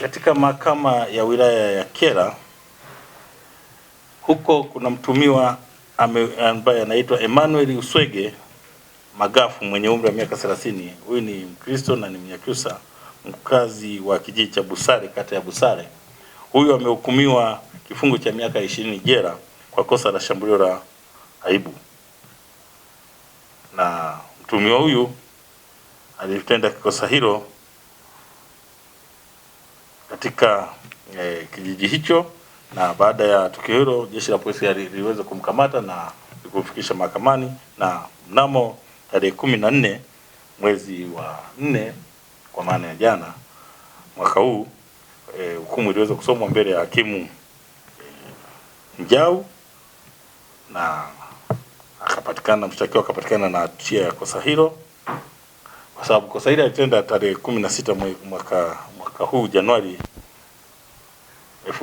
katika mahakama ya wilaya ya Kyela huko kuna mtumiwa ambaye anaitwa Emmanuel Uswege Magafu mwenye umri wa miaka 30. Huyu ni Mkristo na ni Mnyakyusa mkazi wa kijiji cha Busare kata ya Busare. Huyu amehukumiwa kifungo cha miaka ishirini jela kwa kosa la shambulio la aibu, na mtumiwa huyu alitenda kosa hilo katika e, kijiji hicho, na baada ya tukio hilo jeshi la polisi liliweza kumkamata na kumfikisha mahakamani, na mnamo tarehe kumi na nne mwezi wa nne kwa maana ya jana mwaka huu eh, hukumu eh, iliweza kusomwa mbele ya hakimu e, Njau na akapatikana mshtakiwa akapatikana na hatia ya kosa hilo, kwa sababu kosa hili alitenda tarehe kumi na sita mwaka, mwaka huu Januari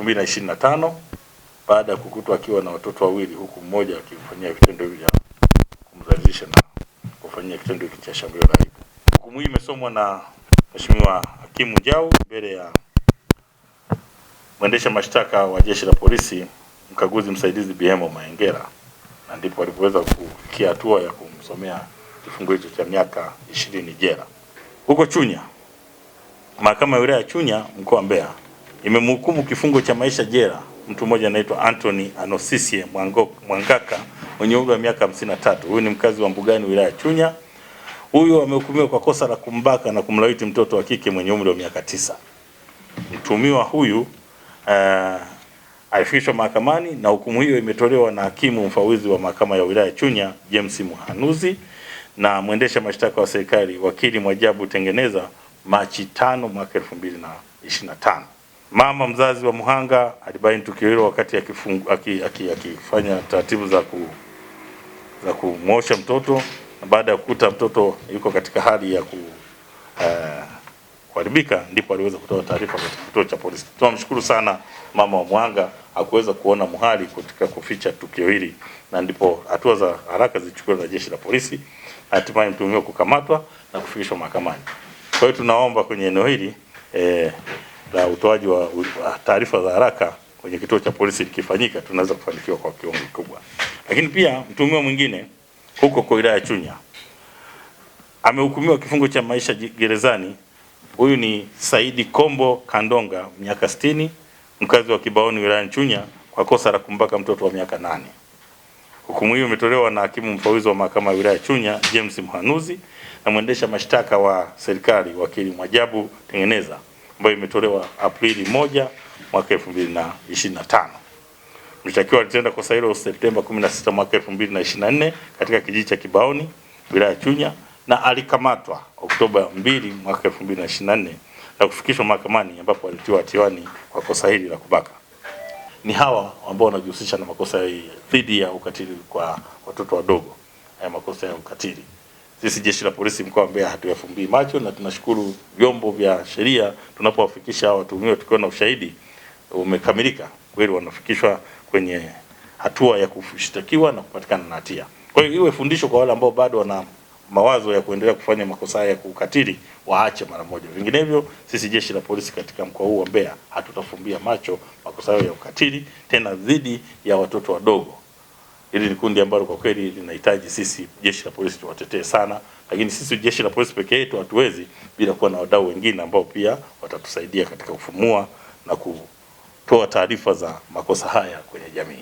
2025 baada ya kukutwa akiwa na watoto wawili huku mmoja akimfanyia vitendo hivi vya kumzalisha na kufanyia kitendo hiki cha shambulio la aibu. Hukumu hii imesomwa na Mheshimiwa Hakimu Njau mbele ya mwendesha mashtaka wa Jeshi la Polisi, mkaguzi msaidizi Bihemo Maengera, na ndipo alipoweza kufikia hatua ya kumsomea kifungo hicho cha miaka ishirini jela. Huko Chunya, mahakama ya wilaya ya Chunya mkoa wa Mbeya imemhukumu kifungo cha maisha jela mtu mmoja anaitwa Anthony Anosisie Mwangaka mwenye umri wa miaka 53. Huyu ni mkazi wa Mbugani, wilaya Chunya. Huyu amehukumiwa kwa kosa la kumbaka na kumlawiti mtoto wa kike mwenye umri wa miaka tisa. Mtumiwa huyu uh, eh, alifikishwa mahakamani na hukumu hiyo imetolewa na hakimu mfawizi wa mahakama ya wilaya Chunya James Mhanuzi na mwendesha mashtaka wa serikali wakili Mwajabu Tengeneza Machi tano mwaka 2025. Mama mzazi wa muhanga alibaini tukio hilo wakati akifanya aki, aki, aki, taratibu za, ku, za kumwosha mtoto na baada ya kukuta mtoto yuko katika hali ya ku, uh, kuharibika ndipo aliweza kutoa taarifa katika kituo cha polisi. Tunamshukuru sana mama wa mhanga hakuweza kuona muhali katika kuficha tukio hili, na ndipo hatua za haraka zilichukuliwa na jeshi la polisi, hatimaye mtuhumiwa kukamatwa na kufikishwa mahakamani. Kwa hiyo tunaomba kwenye eneo hili eh, la utoaji wa taarifa za haraka kwenye kituo cha polisi likifanyika, tunaweza kufanikiwa kwa kiwango kikubwa. Lakini pia mtuhumiwa mwingine huko kwa wilaya ya Chunya amehukumiwa kifungo cha maisha gerezani. Huyu ni Saidi Kombo Kandonga, miaka 60, mkazi wa Kibaoni wilayani Chunya kwa kosa la kumbaka mtoto wa miaka nane. Hukumu hiyo imetolewa na hakimu mfawidhi wa mahakama ya wilaya Chunya James Mhanuzi na mwendesha mashtaka wa serikali wakili Mwajabu Tengeneza ambayo imetolewa Aprili moja mwaka 2025. Mshtakiwa alitenda kosa hilo Septemba 16 mwaka 2024 katika kijiji cha Kibaoni wilaya Chunya na alikamatwa Oktoba 2 mwaka 2024 na kufikishwa mahakamani ambapo alitiwa hatiani kwa kosa hili la kubaka. Ni hawa ambao wanajihusisha na makosa dhidi ya ukatili kwa watoto wadogo, haya makosa ya ukatili sisi jeshi la polisi mkoa wa Mbeya hatuyafumbii macho na tunashukuru vyombo vya sheria, tunapowafikisha hawa watuhumiwa tukiwa na ushahidi umekamilika kweli, wanafikishwa kwenye hatua ya kushtakiwa na kupatikana na hatia. Kwa hiyo iwe fundisho kwa wale ambao bado wana mawazo ya kuendelea kufanya makosa ya kukatili waache mara moja, vinginevyo sisi jeshi la polisi katika mkoa huu wa Mbeya hatutafumbia macho makosa ya ukatili, tena dhidi ya watoto wadogo. Hili ni kundi ambalo kwa kweli linahitaji sisi jeshi la polisi tuwatetee sana, lakini sisi jeshi la polisi pekee yetu hatuwezi bila kuwa na wadau wengine ambao pia watatusaidia katika kufumua na kutoa taarifa za makosa haya kwenye jamii.